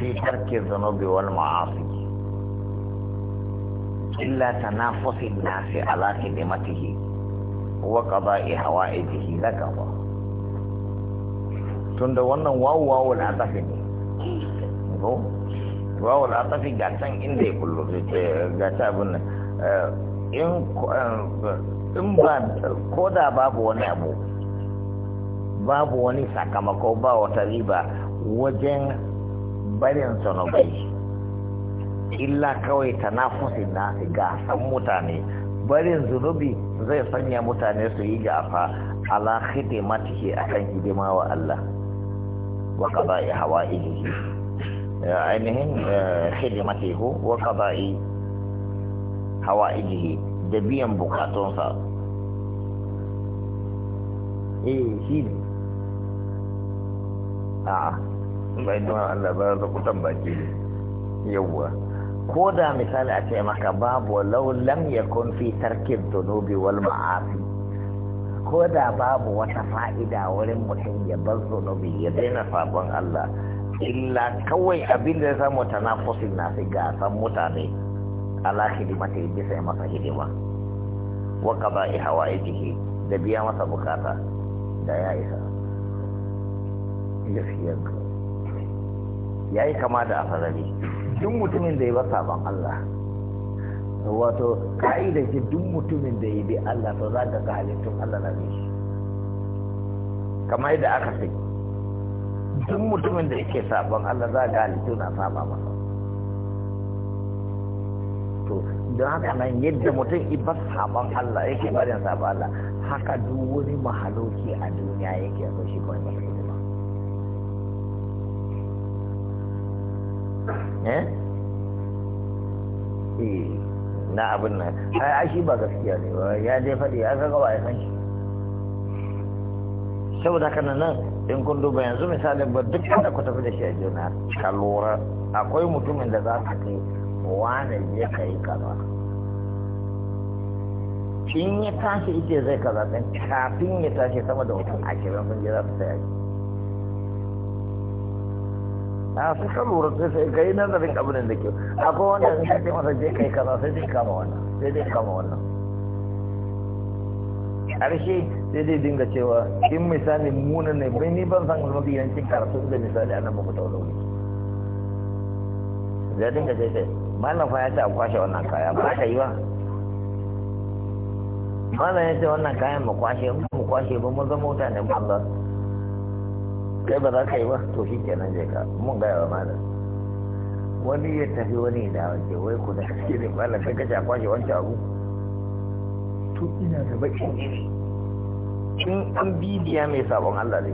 في ترك الذنوب والمعاصي إلا تنافس الناس على a وقضاء حوائجه لقضى tun da wannan wawu tafi ne wawu na tafi ga can inda ya kullu eh, ga ta abin eh, eh, in ba ko da babu wani abu babu wani sakamako ba wata riba wajen barin zunubai illa kawai tanafusin na gasan mutane barin zunubi zai sanya mutane su yi gafa ala a akan hidima wa Allah wa qada'i hawaihi ainihin eh, khidimatihi wa hawa hawaihi da biyan bukatunsa eh shi a'a bai tuwa Allah ba za ku tambaci yawwa ko da misali a ce maka babu law lam yakun fi tarkin dunubi wal ma'asi ko da babu wata fa'ida wurin mutum ya bar zunubi ya daina sabon Allah illa kawai abin da ya samu tanafusin na fi gasan mutane ala hidimata bisa ya masa hidima wa qada'i jiki da biya masa bukata da ya isa gaskiyar ya yi kama da asarari duk mutumin da ya ba sabon Allah wato ka'idar ce duk mutumin da ya bi Allah to za ka ga halittun Allah na shi kamar yadda aka fi duk mutumin da yake sabon Allah za ga halittu na saba masa to don haka nan yadda mutum ibar sabon Allah yake barin sabon Allah haka duk wani mahaloki a duniya yake so shi kawai masu Eh? eh na abin nan ai shi ba gaskiya ne ba ya dai faɗi ya ga ba ya san shi saboda haka nan in kun duba yanzu misali ba duk wanda ku tafi da shi a juna ka lura akwai mutumin da za ka kai wane ya kai kaza in ya tashi ita zai kaza ɗin kafin ya tashi sama da mutum ashirin mun je za ta sai na su ka lura sai sai kai nazarin abin da kyau akwai wanda in kace masa je kai kaza sai dai kama wannan sai dai kama wannan karshe sai dai dinga cewa in misali munan ne bai ni ban san mafi yancin karatu da misali ana ba ku tauna wuri da dinga sai sai malam fa ya ce a kwashe wannan kaya ba ka yi ba malam ya ce wannan kayan mu kwashe mu kwashe ba mu zama ne ba Allah kai ba za ka yi ba to shi kenan je ka mun gaya wa malam wani ya tafi wani da wace wai ku da kake ne ba kai kace a kwashe wancan abu to ina da bakin in an bibiya mai sabon Allah ne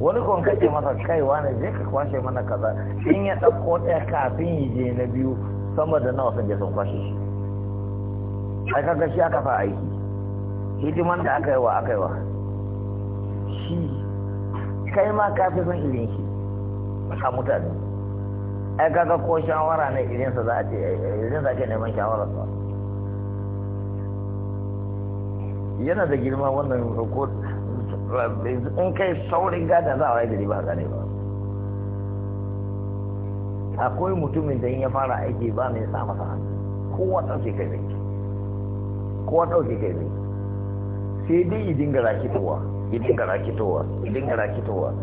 wani kon kace masa kai wani je ka kwashe mana kaza in ya dauko ɗaya kafin yi je na biyu sama da nawa sun je sun kwashe shi ai kaga shi aka fa aiki hidiman da aka yi wa aka yi wa shi kai ma ka fi son irin shi a mutane ai kaga ko shawara ne sa za a ce sa ke neman shawarar sa yana da girma wannan ko in kai saurin gada za a waye gari ba gane ba akwai mutumin da in ya fara aiki ba mai sa masa hannu kowa ɗauke kai zai kowa ɗauke kai zai sai dai idin ga rashi kowa idin gara kitowa idin gara kitowa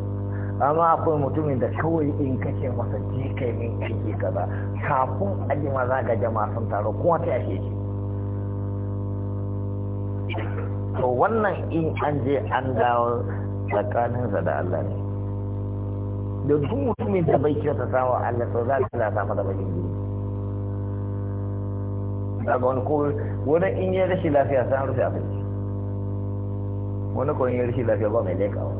amma akwai mutumin da kawai in kace masa je kai min aiki kaza kafin ajima za ka jama'a sun taro kuma ta yake shi to wannan in an je an dawo sa da Allah ne da duk mutumin da bai kyauta sawa Allah to za ka lasa masa bakin jini daga wani ko wani in ya rashin lafiya san rufe abinci wani kwan yi rashin lafiya ba mai lekawa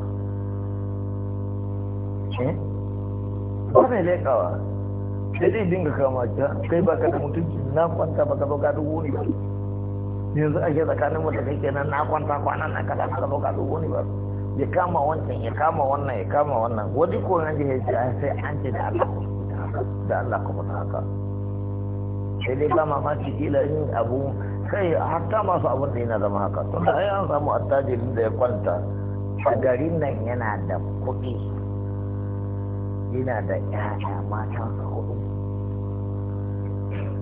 eh? ba mai lekawa sai dai dinga kama ta kai ba ka da mutunci na kwanta ba ka bauka dubu ne ba yanzu ake tsakanin mu da kai kenan na kwanta kwanan na kada na bauka dubu ne ba ya kama wancan ya kama wannan ya kama wannan wani ko nan da ya ce sai an ce da Allah da Allah kuma ta haka sai dai ba mamaki kila in abu kai hatta masu abin da yana zama haka tunda ai an samu attajirin da ya kwanta a garin nan yana da kuɗi yana da ƴaƴa matan sa hudu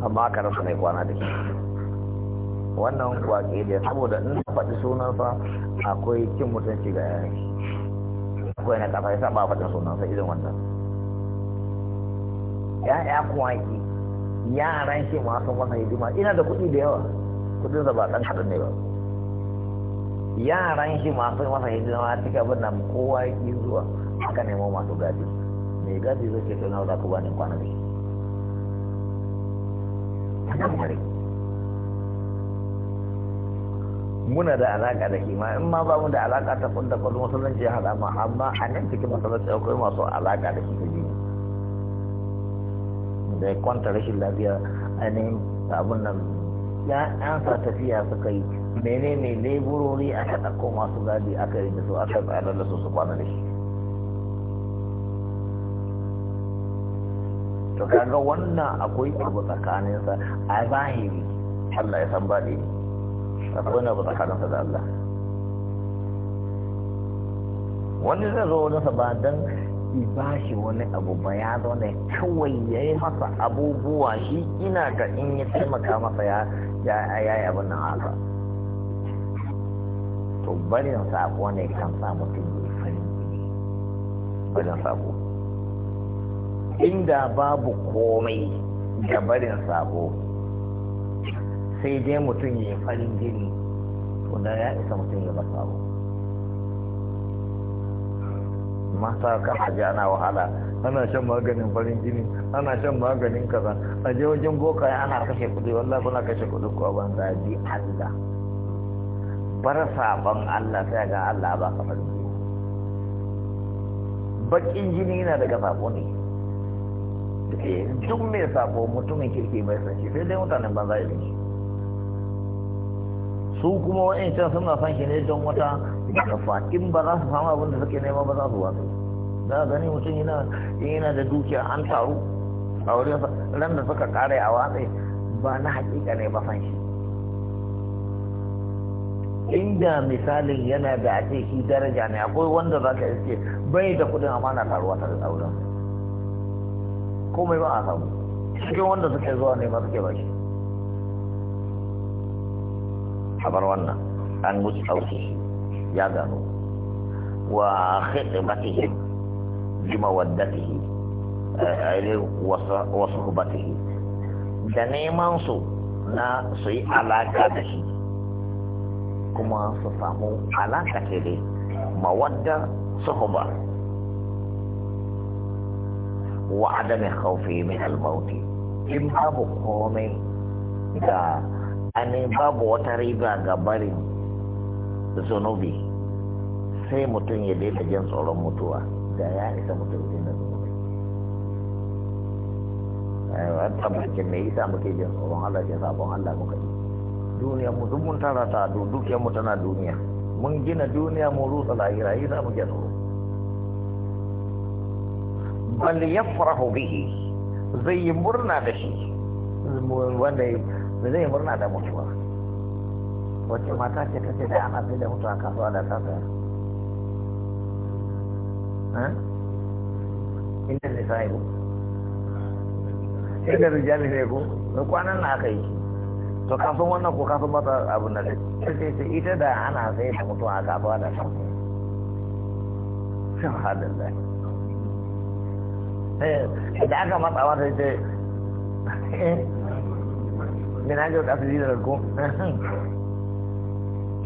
amma aka rasa mai kwana da shi wannan kwaƙe da saboda in faɗi sunansa akwai cin mutunci ga yayi akwai na kafa yasa ba faɗin sunansa irin wannan kuwa yaran shi masu masa hidima ina da kuɗi da yawa kudin da ba dan kadan ne ba yaran shi masu masa hidima a cikin abin nan kowa yake zuwa aka nemo masu gadi mai gadi zai ke tunawa da ku bani kwana da shi muna da alaka da kima ma in ma ba mu da alaka ta kun da kun musulunci ya haɗa ma amma a nan cikin masallaci akwai masu alaka da shi ta jini da ya kwanta rashin lafiya ainihin abin nan sa tafiya suka yi menene leburori aka ɗauko masu gadi aka yi da su aka tsayar da su su kwana da shi to kaga wannan akwai abu tsakaninsa a zahiri Allah ya san baɗi akwai wani abu tsakaninsa da Allah wani zai zo wani ba don ba shi wani abu ba ya zo ne kawai ya yi masa abubuwa shi ina ga in ya taimaka masa ya ya yi abin nan haka to barin sako ne kan sa mutum ya farin barin sako inda babu komai da barin sako sai dai mutum ya farin jini to da ya isa mutum ya ba sako mata kan ji ana wahala ana shan maganin farin jini ana shan maganin kaza a je wajen boka ana kashe kudi wallah kuna kashe kudi ko ban da bi Allah bar sabon Allah sai ga Allah ba ka farin jini bakin jini yana daga sabo ne eh, duk mai sabo mutumin kirki mai san sai dai mutanen banza irin shi su kuma can suna son shi ne don wata kafa in ba za su samu abinda suke nema ba za su wasu za a gani mutum yana da dukiya an taru a wurin ran da suka kare a watsai ba na hakika ne ba fan shi inda misalin yana da ake shi daraja ne akwai wanda za ka iske bai da kudin amana taruwa ta da tsauran komai ba a samu cikin wanda suke zuwa ne ma suke ba shi kamar wannan an musu ɗauke ya gano wa khidmatihim bimawaddatihi eh, eh, wa suhbatihi da neman su na su yi alaka da shi kuma su samu alaka ce dai mawadda suhba wa adami khawfi min al-mauti in babu komai da anin babu wata riba ga barin zunubi sai mutum ya daita jin tsoron mutuwa da ya isa mutum idan da zuwa a tabbacin me yasa muke jin tsoron Allah shi sabon Allah muka yi duniya mu duk mun tara ta dukiyar mu tana duniya mun gina duniya mu rusa lahira yasa muke tsoro bal yafrahu bihi zai yi murna da shi wanda zai murna da mutuwa wacce mata ce ta ce da ana sai da mutuwa kasuwa da ta saya inda ne sa yau inda rijali ne ko da kwanan na aka yi to kafin wannan ko kafin mata abu na da sai ce ita da ana sai da mutum a kafa da kan shahadallah da aka matsawa ita ce mina ga kasu jirar ko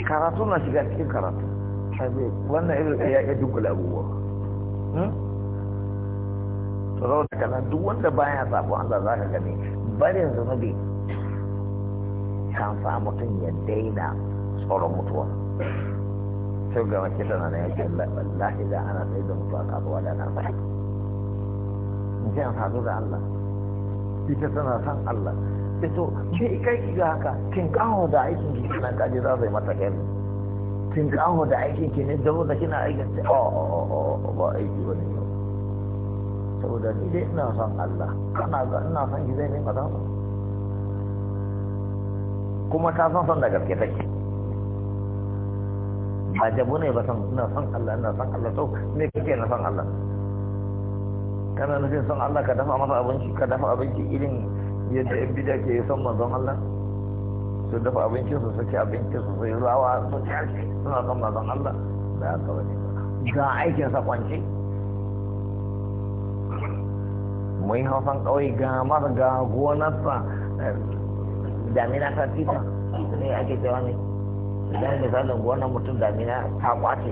karatu na shiga cikin karatu wannan irin ya dunkula abubuwa saboda kana duk wanda baya sabo Allah za ka gani barin zunubi kan sa mutum ya daina tsoron mutuwa sai ga mace tana na yake wallahi da ana tsaye da mutuwa kasuwa da na sai in ce an sadu da Allah ita tana san Allah ito ke kai ga haka kin kawo da aikin ki nan kaje za su yi mata kai tinkaho da aikin ki ne zama da kina aikin sai o ba aiki wani ne saboda ni dai ina son Allah kana ga ina son ki zai rinka san kuma ta san son da gaske take ba jabu ne ba san ina son Allah ina son Allah to me kake na son Allah kana nufin son Allah ka dafa masa abinci ka dafa abinci irin yadda yan bida ke son manzon Allah sun dafa abincin su suke abincin su sai rawa su ake suna son mazan Allah da haka wani ga aikin sa kwance mai hausan kawai ga mara ga gonarsa damina ta tita ne ake cewa ne idan misalin gonar mutum damina ta kwace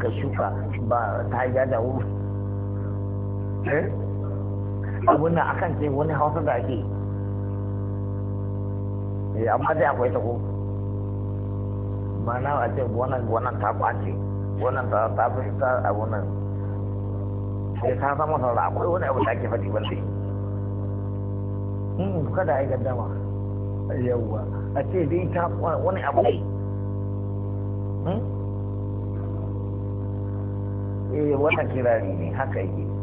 ka shuka ba ta yi da wuri eh? abin akan ce wani hausa da ake eh amma dai akwai ta ko mana a ce wannan wannan ta kwace wannan ta ta fi ta a wannan sai eh, ka samu sauran akwai wani abu da ake faɗi sai in hmm, kada ai gaddama yawwa a ce dai ta wani abu ne hmm? eh wannan kirari ne haka yake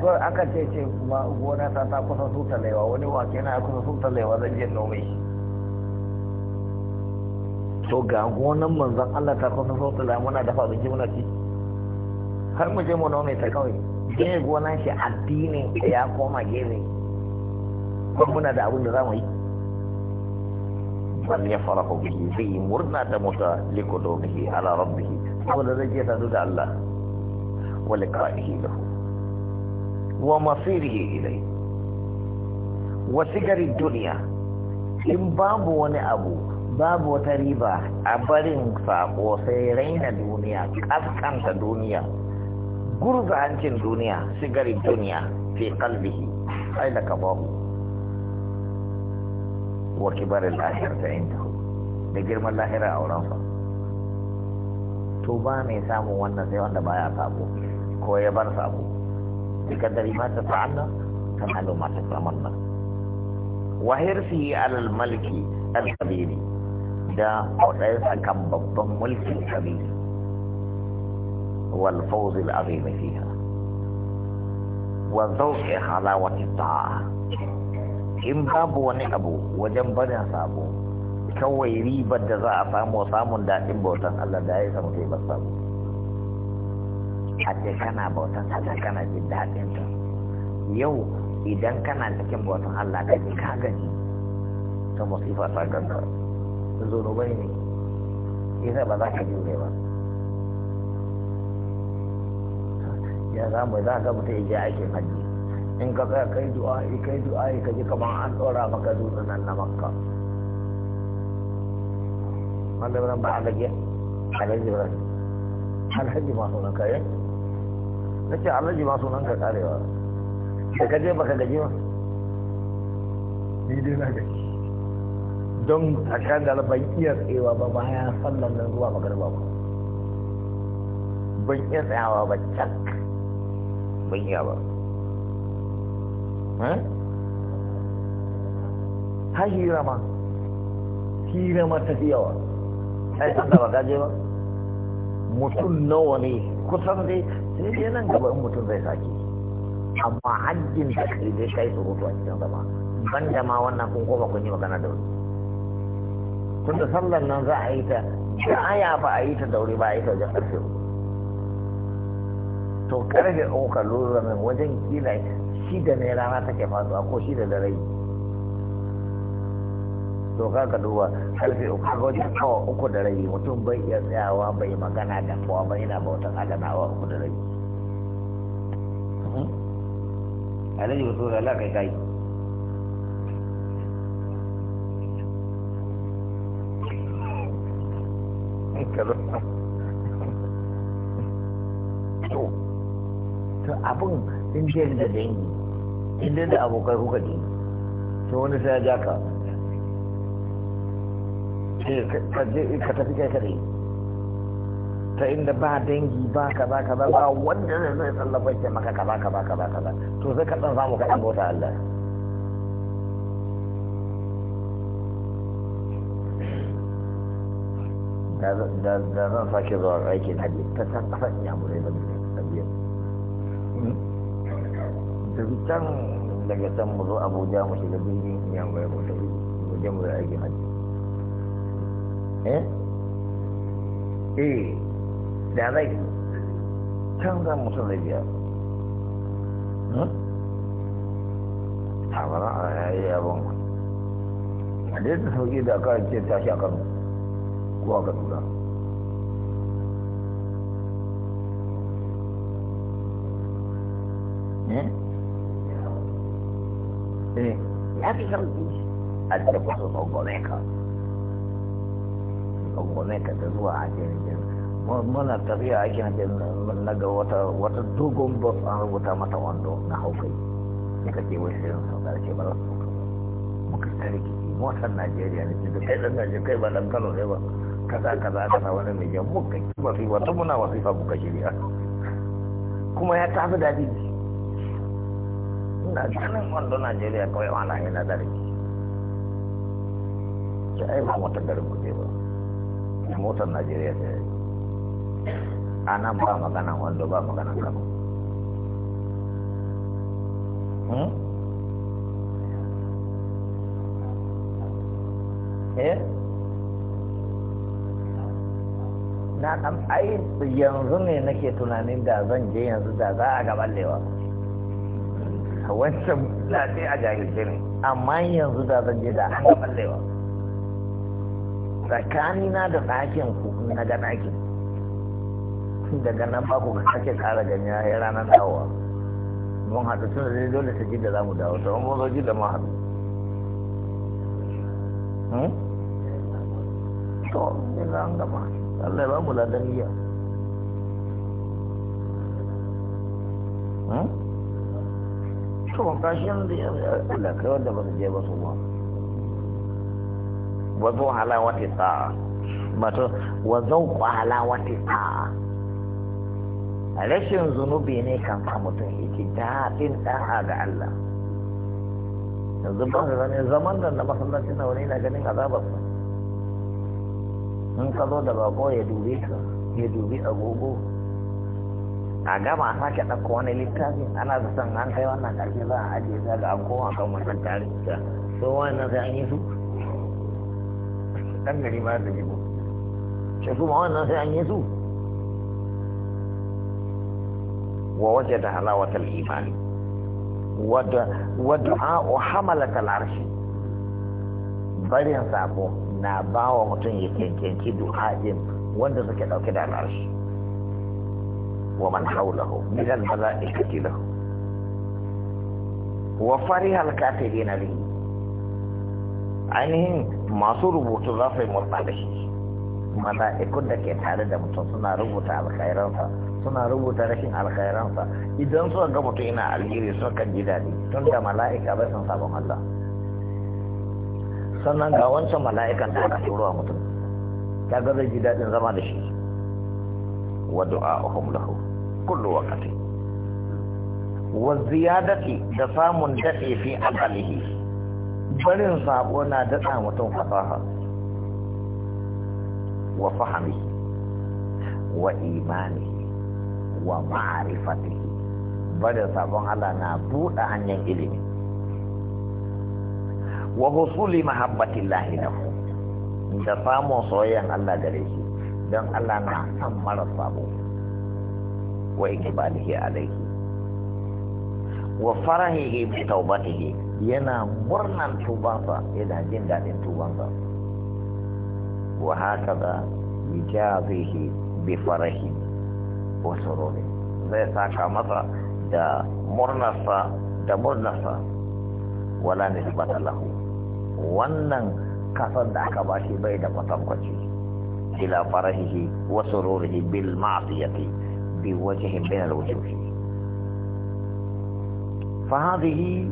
ko aka ce ce kuma gona ta ta kusa su talewa wani wake na kusa su talewa zan je nome shi to ga gonan manzan, Allah ta kusa su talewa muna dafa abinci muna ci har mu je mu nome ta kawai gine gonan shi addinin ya koma gefe kuma muna da abin da za mu yi Wani ya fara farahu bihi zai murna da musa likudumihi ala rabbihi saboda zai je sadu da Allah wa liqa'ihi lahu ومصيره إليه وسجر الدنيا إن باب ونأبو باب وتريبا أبرين صاب وسيرين الدنيا أسكن الدنيا قرب عنك الدنيا سجر الدنيا في قلبه أين كباب وكبر الآخرة عنده لجرم الآخرة أورانفا توبا ne samun wannan sai wanda baya sabo ko ya bar sabo بقدر ما تفعلنا تفعل ما تتمنى وحرصه على الملك الكبير دا ليس كم بطن ملك الكبير والفوز العظيم فيها وذوق حلاوة الطاعة in babu wani abu wajen barin sabo kawai ribar da za a samu samun daɗin bautan Allah samu a kana bautan Allah kana jin daɗin ta yau idan kana cikin bautan Allah ka ji ka gani ta musifa ta ganka bai ne yasa ba za ka jure ba ya za mu za ka mutu ya aikin hajji in ka tsaya kai du'a'i kai du'a'i ka ji kamar an ɗora maka dutsen nan na makka wanda ba a gajiya alhaji ba alhaji ma sunan kayan eh? na ce alhaji ba sunan ka karewa da ka je baka gaji ba ni dai na gaji don a shagala ban iya tsayawa ba bayan sallan nan zuwa magarba ba ban iya tsayawa ba cak ban iya ba ha hira ma hira ma tafiyawa ai san da ba gaje ba mutum nawa ne kusan dai sai dai nan gaba in mutum zai sake amma haddin da kai dai kai surutu a cikin zama ban da ma wannan kun koma kun yi magana da wuri tun da sallar nan za a yi ta da aya ba a yi ta da ba a yi ta wajen karfe to karfe uku ka lura wajen kila shi da ne rana take faduwa ko shida da rai to ka ka duba karfe uku ka wajen awa uku da rai mutum bai iya tsayawa bai magana da kowa ba yana bautan Allah na awa uku da rai hmm? alhaji wasu da Allah kai kai to abin in da dangi in da abokai kuka ji to wani sai ya ja ka ka tafi kai kare ta inda ba dangi ba ka ba ka ba ba wanda zai zai tsallaba ce maka ka ba ka ba ka ba ka ba to zai ka tsan mu kaɗan bauta Allah da zan sake zuwa na biyu ta san kasan yamurai ba da biyar daga can daga can mu zo abuja mu shiga birnin yamurai mu tafi mu je mu yi aikin biyu Eh? eh da zai canza mutum hmm? da biya haɓara a yayi yabon a da yadda sauƙi da aka ce tashi a kano ko a hmm? eh ya fi a ka kome ka ta zuwa hajjin jirgin muna tafiya aikin jirgin na ga wata dogon bus an rubuta mata wando na haukai suka ce wai sai sun karshe ba za su muka tarki motar najeriya ne ce kai dan najeriya kai ba dan kano ne ba kaza kaza kaza wani mai jan muka ki mafi wata muna wasifa muka shirya kuma ya tafi daɗi ina ganin wando najeriya kawai wani yana na riki sai ai ba wata garin kuɗe ba motar najeriya ta yi a nan ba maganan wando ba maganan kano hmm? eh? na ɗan ai yanzu ne nake tunanin da zan je yanzu da za a gaban lewa wancan lafi a jahilce ne amma yanzu da zan je da an gaban lewa tsakanina da ɗakin ku na ga ɗakin daga nan ba ku sake ƙara gani ya ranar dawowa mun haɗu tun da dole ta ji da za mu dawo ta mun zo ji da mu haɗu hmm? to ina an gama Allah ya ba mu ladaniya hmm? to kashin da Allah kai wanda ba su je ba su ba wazo zo halawati sa'a mato wazo zo halawati sa'a rashin zunubi ne kan sa mutum yake daɗin ɗa'a ga Allah yanzu ba ka gani zaman da na masallaci na wani na ganin azabarsa in ka zo da bako ya dubi ka ya dubi agogo a gama a sake ɗauko wani littafi ana da an kai wannan ƙarfi za a ajiye za ga an kowa kan wannan tarihi so wannan sai an yi su dan gari ba da jiko shi su ma wannan sai an yi su wa waje da halawatar imani wa du'a'u hamalata al'arshi barin sako na ba wa mutum ya cancanci du'a'in wanda suke dauke da al'arshi wa man haulahu min al-mala'ikati lahu wa fariha al-kafirin bihi ainihin masu rubutu za su yi murna da shi mala'ikun da ke tare da mutum suna rubuta alkhairansa suna rubuta rashin alkhairansa idan suka ga mutum ina alheri suka kan ji daɗi tun da mala'ika bai san sabon Allah sannan ga wancan mala'ikan da aka turo mutum ta ga zai ji daɗin zama da shi wa du'a'uhum lahu kullu waqti wa ziyadati da samun daɗe fi aqalihi barin sabo na daɗa mutum fasaha wa fahimi wa imani wa ma'arifati barin sabon Allah na buɗe hanyar ilimi wa husuli mahabbatin lahu da samun soyayyan Allah gare shi don Allah na san mara sabo wa ikibalihi alaihi wa farahihi mai taubatihi yana murnan tubansa yana jin daɗin tubansa wa haka za yi bi farahi wa sururi zai saka masa da murnarsa da murnarsa wala bata lahu wannan kasan da aka ba shi bai da kwatankwaci ila farahihi wa sururihi bil ma'siyati bi wajhin min al-wujuh fa hadhihi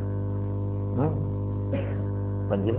Hmm. ban ji